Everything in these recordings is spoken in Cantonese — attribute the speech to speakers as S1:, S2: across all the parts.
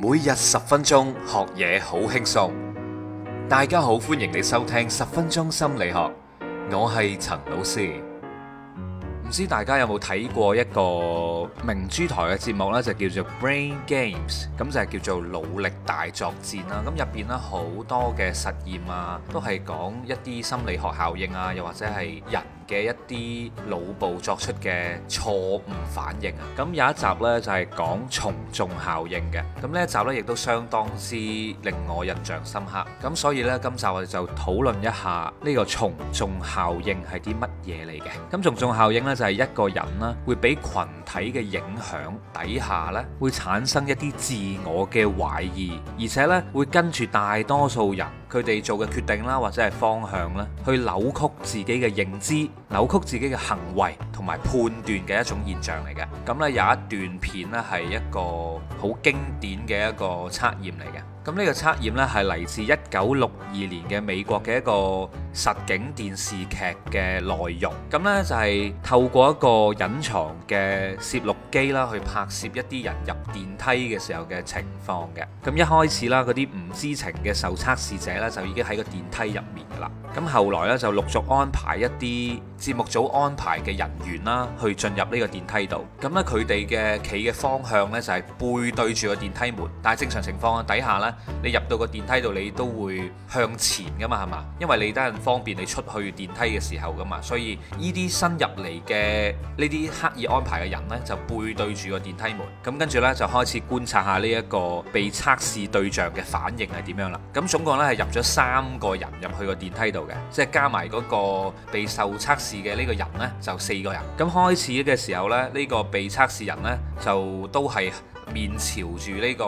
S1: 每日十分鐘學嘢好輕鬆，大家好，歡迎你收聽十分鐘心理學，我係陳老師。唔知大家有冇睇過一個明珠台嘅節目呢，就叫做 Brain Games，咁就係叫做腦力大作戰啦。咁入邊呢好多嘅實驗啊，都係講一啲心理學效應啊，又或者係人。嘅一啲腦部作出嘅錯誤反應啊，咁有一集呢，就係講從眾效應嘅，咁呢一集呢，亦都相當之令我印象深刻，咁所以呢，今集我哋就討論一下呢個從眾效應係啲乜嘢嚟嘅，咁從眾效應呢，就係一個人啦會俾群。體嘅影響底下咧，會產生一啲自我嘅懷疑，而且咧會跟住大多數人佢哋做嘅決定啦，或者係方向咧，去扭曲自己嘅認知、扭曲自己嘅行為同埋判斷嘅一種現象嚟嘅。咁咧有一段片咧係一個好經典嘅一個測驗嚟嘅。咁呢個測驗呢，係嚟自一九六二年嘅美國嘅一個實景電視劇嘅內容。咁呢，就係透過一個隱藏嘅攝錄機啦，去拍攝一啲人入電梯嘅時候嘅情況嘅。咁一開始啦，嗰啲唔知情嘅受測試者呢，就已經喺個電梯入面噶啦。咁後來呢，就陸續安排一啲節目組安排嘅人員啦，去進入呢個電梯度。咁呢，佢哋嘅企嘅方向呢，就係背對住個電梯門。但係正常情況底下呢，你入到個電梯度，你都會向前噶嘛，係嘛？因為你都係方便你出去電梯嘅時候噶嘛，所以依啲新入嚟嘅呢啲刻意安排嘅人呢，就背對住個電梯門，咁跟住呢，就開始觀察下呢一個被測試對象嘅反應係點樣啦。咁總共呢，係入咗三個人入去個電梯度嘅，即係加埋嗰個被受測試嘅呢個人呢，就四個人。咁開始嘅時候呢，呢，呢個被測試人呢，就都係。面朝住呢個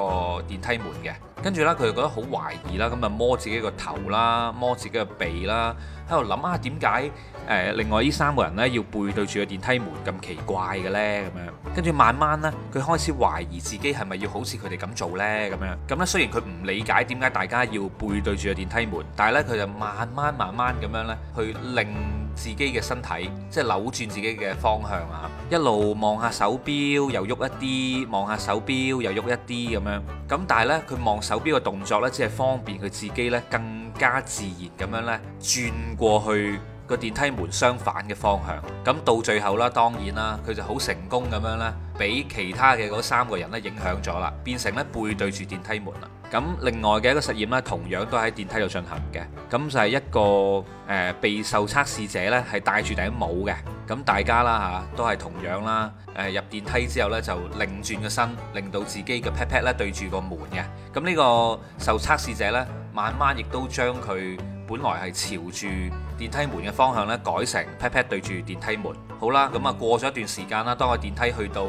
S1: 電梯門嘅，跟住咧佢就覺得好懷疑啦，咁啊摸自己個頭啦，摸自己個鼻啦，喺度諗下點解誒另外呢三個人呢，要背對住個電梯門咁奇怪嘅呢？咁樣，跟住慢慢呢，佢開始懷疑自己係咪要好似佢哋咁做呢？咁樣咁咧。雖然佢唔理解點解大家要背對住個電梯門，但係呢，佢就慢慢慢慢咁樣呢去令。自己嘅身體，即係扭轉自己嘅方向啊！一路望下手錶，又喐一啲，望下手錶，又喐一啲咁樣。咁但係呢，佢望手錶嘅動作呢，只係方便佢自己呢更加自然咁樣呢，轉過去，個電梯門相反嘅方向，咁到最後啦，當然啦，佢就好成功咁樣咧，俾其他嘅嗰三個人咧影響咗啦，變成咧背對住電梯門啦。咁另外嘅一個實驗咧，同樣都喺電梯度進行嘅，咁就係一個誒被受測試者咧係戴住頂帽嘅，咁大家啦嚇都係同樣啦，誒入電梯之後咧就擰轉個身，令到自己嘅 pat pat 咧對住個門嘅，咁呢個受測試者咧慢慢亦都將佢本來係朝住。電梯門嘅方向咧，改成 pat pat 對住電梯門。好啦，咁啊過咗一段時間啦，當個電梯去到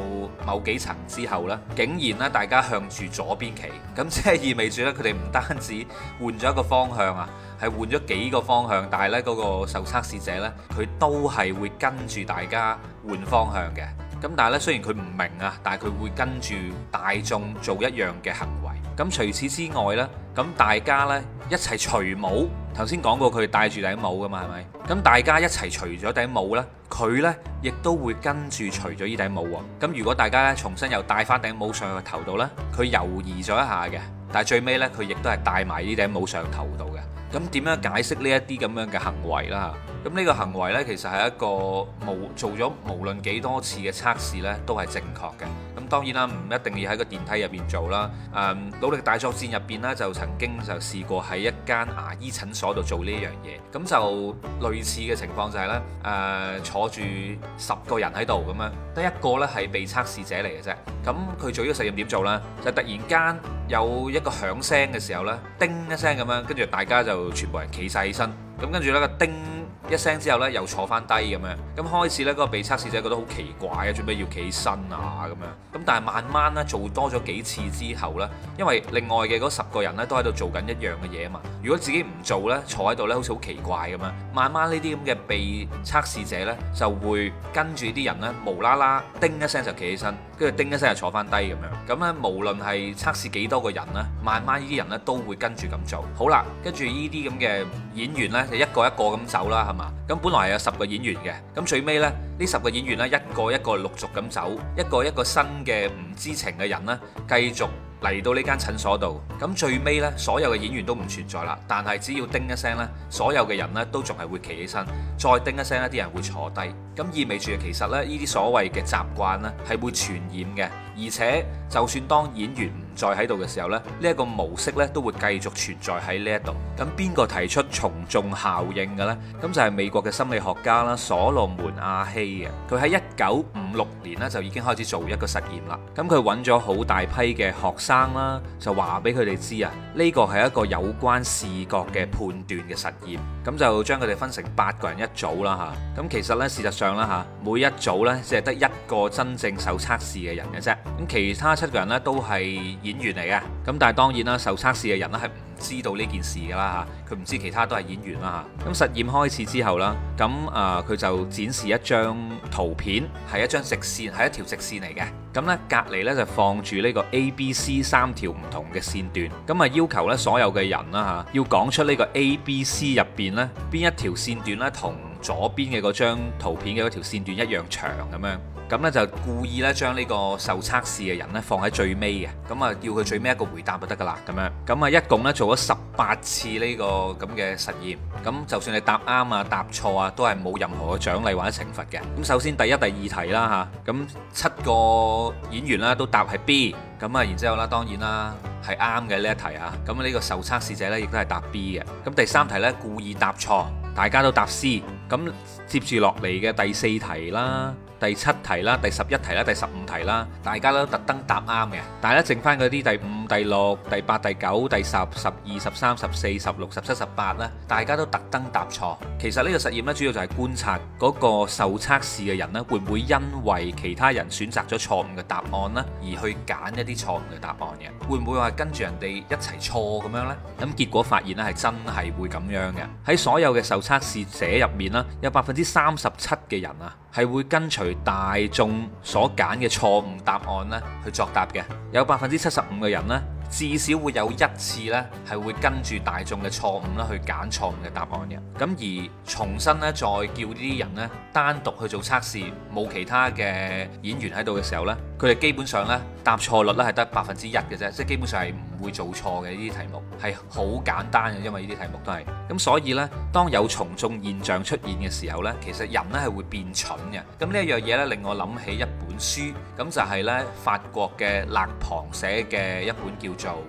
S1: 某幾層之後呢，竟然咧大家向住左邊企，咁即係意味住呢，佢哋唔單止換咗一個方向啊，係換咗幾個方向，但係呢嗰個受測試者呢，佢都係會跟住大家換方向嘅。咁但係呢，雖然佢唔明啊，但係佢會跟住大眾做一樣嘅行。咁除此之外咧，咁大家呢一齊除帽。頭先講過佢戴住頂帽噶嘛，係咪？咁大家一齊除咗頂帽咧，佢呢亦都會跟住除咗呢頂帽。咁如果大家咧重新又戴翻頂帽上個頭度呢，佢猶豫咗一下嘅，但係最尾呢，佢亦都係戴埋呢頂帽上頭度嘅。咁點樣解釋呢一啲咁樣嘅行為啦？咁呢個行為呢，其實係一個做無做咗無論幾多次嘅測試呢，都係正確嘅。咁當然啦，唔一定要喺個電梯入邊做啦。誒、呃，努力大作戰入邊呢，就曾經就試過喺一間牙醫診所度做呢樣嘢。咁、嗯、就類似嘅情況就係、是、呢，誒、呃，坐住十個人喺度咁樣，得一個呢係被測試者嚟嘅啫。咁、嗯、佢做呢個實驗點做呢？就突然間有一個響聲嘅時候呢，叮一聲咁樣，跟住大家就全部人企晒起身。咁跟住呢個叮一聲之後呢，又坐翻低咁樣。咁開始呢嗰個被測試者覺得好奇怪啊，做咩要企起身啊咁樣？咁但係慢慢呢，做多咗幾次之後呢，因為另外嘅嗰十個人呢，都喺度做緊一樣嘅嘢啊嘛。如果自己唔做呢，坐喺度呢，好似好奇怪咁樣。慢慢呢啲咁嘅被測試者呢，就會跟住啲人呢，無啦啦叮一聲就企起身，跟住叮一聲就坐翻低咁樣。咁呢，無論係測試幾多個人呢，慢慢呢啲人呢，都會跟住咁做。好啦，跟住呢啲咁嘅演員呢，就一個一個咁走啦，係嘛？咁本來有十個演員嘅，咁最尾呢，呢十個演員呢，一個一個陸續咁走，一個一個新嘅唔知情嘅人呢，繼續嚟到呢間診所度，咁最尾呢，所有嘅演員都唔存在啦。但係只要叮一聲呢，所有嘅人呢，都仲係會企起身，再叮一聲呢，啲人會坐低，咁意味住其實呢，呢啲所謂嘅習慣呢，係會傳染嘅。而且，就算當演員唔再喺度嘅時候呢，呢一個模式咧，都會繼續存在喺呢一度。咁邊個提出從眾效應嘅咧？咁就係美國嘅心理學家啦，所羅門阿希嘅。佢喺一九五六年咧，就已經開始做一個實驗啦。咁佢揾咗好大批嘅學生啦，就話俾佢哋知啊，呢個係一個有關視覺嘅判斷嘅實驗，咁就將佢哋分成八個人一組啦吓，咁其實咧事實上啦吓，每一組咧，即係得一個真正受測試嘅人嘅啫。咁其他七個人咧都係演員嚟嘅，咁但係當然啦，受測試嘅人咧係唔知道呢件事噶啦嚇，佢唔知其他都係演員啦嚇。咁、啊、實驗開始之後啦，咁啊佢就展示一張圖片，係一張直線，係一條直線嚟嘅。咁咧隔籬咧就放住呢個 A、B、C 三條唔同嘅線段，咁啊要求咧所有嘅人啦嚇、啊，要講出呢個 A、B、C 入邊咧邊一條線段咧同左邊嘅嗰張圖片嘅嗰條線段一樣長咁樣，咁咧就故意咧將呢個受測試嘅人咧放喺最尾嘅，咁啊叫佢最尾一個回答就得噶啦咁樣，咁啊一共咧做咗十八次呢個咁嘅實驗，咁就算你答啱啊答錯啊都係冇任何嘅獎勵或者懲罰嘅。咁首先第一、第二題啦吓，咁七個演員啦都答係 B，咁啊然之後啦當然啦係啱嘅呢一題啊，咁呢個受測試者呢，亦都係答 B 嘅。咁第三題呢，故意答錯。大家都答 C，咁接住落嚟嘅第四題啦。第七題啦，第十一題啦，第十五題啦，大家都特登答啱嘅。但係咧，剩翻嗰啲第五、第六、第八、第九、第十、十二、十三、十四、十六、十七、十八啦。大家都特登答錯。其實呢個實驗咧，主要就係觀察嗰個受測試嘅人呢，會唔會因為其他人選擇咗錯誤嘅答案咧，而去揀一啲錯誤嘅答案嘅？會唔會話跟住人哋一齊錯咁樣呢？咁結果發現呢，係真係會咁樣嘅。喺所有嘅受測試者入面啦，有百分之三十七嘅人啊，係會跟隨大眾所揀嘅錯誤答案咧去作答嘅，有百分之七十五嘅人呢，至少會有一次呢係會跟住大眾嘅錯誤啦去揀錯誤嘅答案嘅。咁而重新呢，再叫呢啲人呢單獨去做測試，冇其他嘅演員喺度嘅時候呢，佢哋基本上呢答錯率咧係得百分之一嘅啫，即係基本上係。會做錯嘅呢啲題目係好簡單嘅，因為呢啲題目都係咁，所以呢，當有從眾現象出現嘅時候呢，其實人呢係會變蠢嘅。咁呢一樣嘢呢，令我諗起一本書，咁就係呢法國嘅勒龐寫嘅一本叫做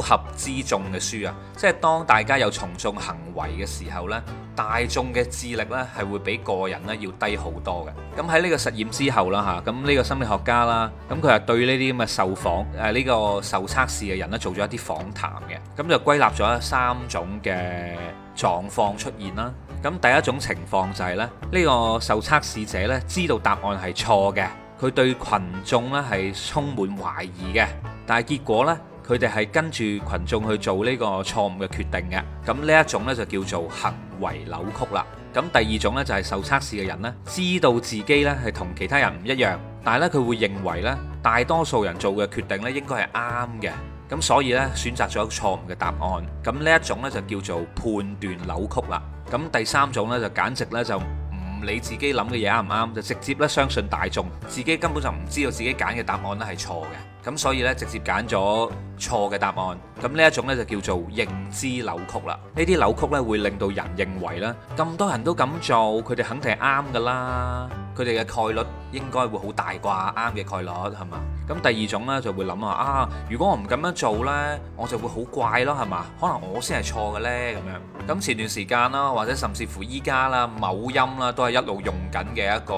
S1: 《烏合之眾》嘅書啊，即係當大家有從眾行為嘅時候呢。大眾嘅智力咧係會比個人咧要低好多嘅。咁喺呢個實驗之後啦吓，咁呢個心理學家啦，咁佢係對呢啲咁嘅受訪誒呢個受測試嘅人咧做咗一啲訪談嘅，咁就歸納咗三種嘅狀況出現啦。咁第一種情況就係呢：呢個受測試者呢，知道答案係錯嘅，佢對群眾呢係充滿懷疑嘅，但係結果呢。佢哋係跟住羣眾去做呢個錯誤嘅決定嘅，咁呢一種咧就叫做行為扭曲啦。咁第二種咧就係受測試嘅人咧知道自己咧係同其他人唔一樣，但係咧佢會認為咧大多數人做嘅決定咧應該係啱嘅，咁所以咧選擇咗錯誤嘅答案。咁呢一種咧就叫做判斷扭曲啦。咁第三種咧就簡直咧就唔理自己諗嘅嘢啱唔啱，就直接咧相信大眾，自己根本就唔知道自己揀嘅答案咧係錯嘅。咁所以咧，直接揀咗錯嘅答案。咁呢一種呢，就叫做認知扭曲啦。呢啲扭曲呢，會令到人認為呢，咁多人都咁做，佢哋肯定係啱噶啦。佢哋嘅概率應該會好大啩，啱嘅概率係嘛？咁第二種呢，就會諗啊，啊如果我唔咁樣做呢，我就會好怪咯，係嘛？可能我先係錯嘅呢？咁樣。咁前段時間啦，或者甚至乎依家啦，某音啦都係一路用緊嘅一個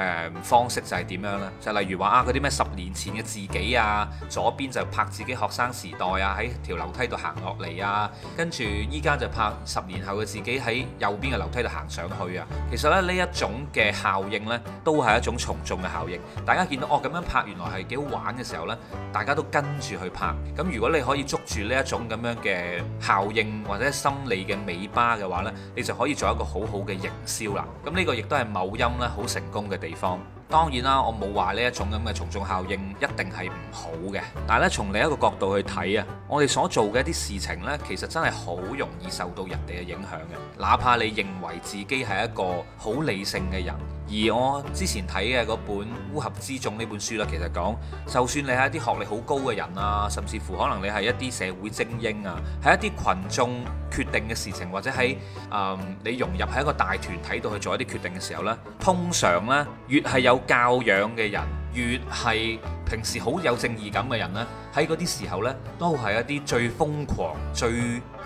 S1: 誒方式，就係點樣呢？就例如話啊，嗰啲咩十年前嘅自己。啊！左邊就拍自己學生時代啊，喺條樓梯度行落嚟啊，跟住依家就拍十年後嘅自己喺右邊嘅樓梯度行上去啊。其實咧呢一種嘅效應呢，都係一種從眾嘅效應。大家見到哦咁樣拍，原來係幾好玩嘅時候呢，大家都跟住去拍。咁如果你可以捉住呢一種咁樣嘅效應或者心理嘅尾巴嘅話呢，你就可以做一個好好嘅營銷啦。咁呢個亦都係某音咧好成功嘅地方。當然啦，我冇話呢一種咁嘅從眾效應一定係唔好嘅。但係咧，從另一個角度去睇啊，我哋所做嘅一啲事情呢，其實真係好容易受到人哋嘅影響嘅。哪怕你認為自己係一個好理性嘅人。而我之前睇嘅嗰本《烏合之眾》呢本書咧，其實講，就算你係一啲學歷好高嘅人啊，甚至乎可能你係一啲社會精英啊，係一啲群眾決定嘅事情，或者喺誒、呃、你融入喺一個大團體度去做一啲決定嘅時候咧，通常咧，越係有教養嘅人，越係平時好有正義感嘅人咧，喺嗰啲時候咧，都係一啲最瘋狂、最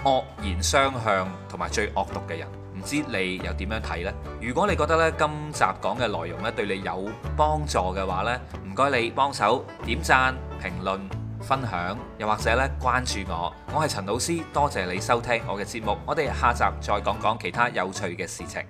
S1: 惡言相向同埋最惡毒嘅人。唔知你又點樣睇呢？如果你覺得呢今集講嘅內容呢對你有幫助嘅話呢，唔該你幫手點讚、評論、分享，又或者呢，關注我。我係陳老師，多謝你收聽我嘅節目。我哋下集再講講其他有趣嘅事情。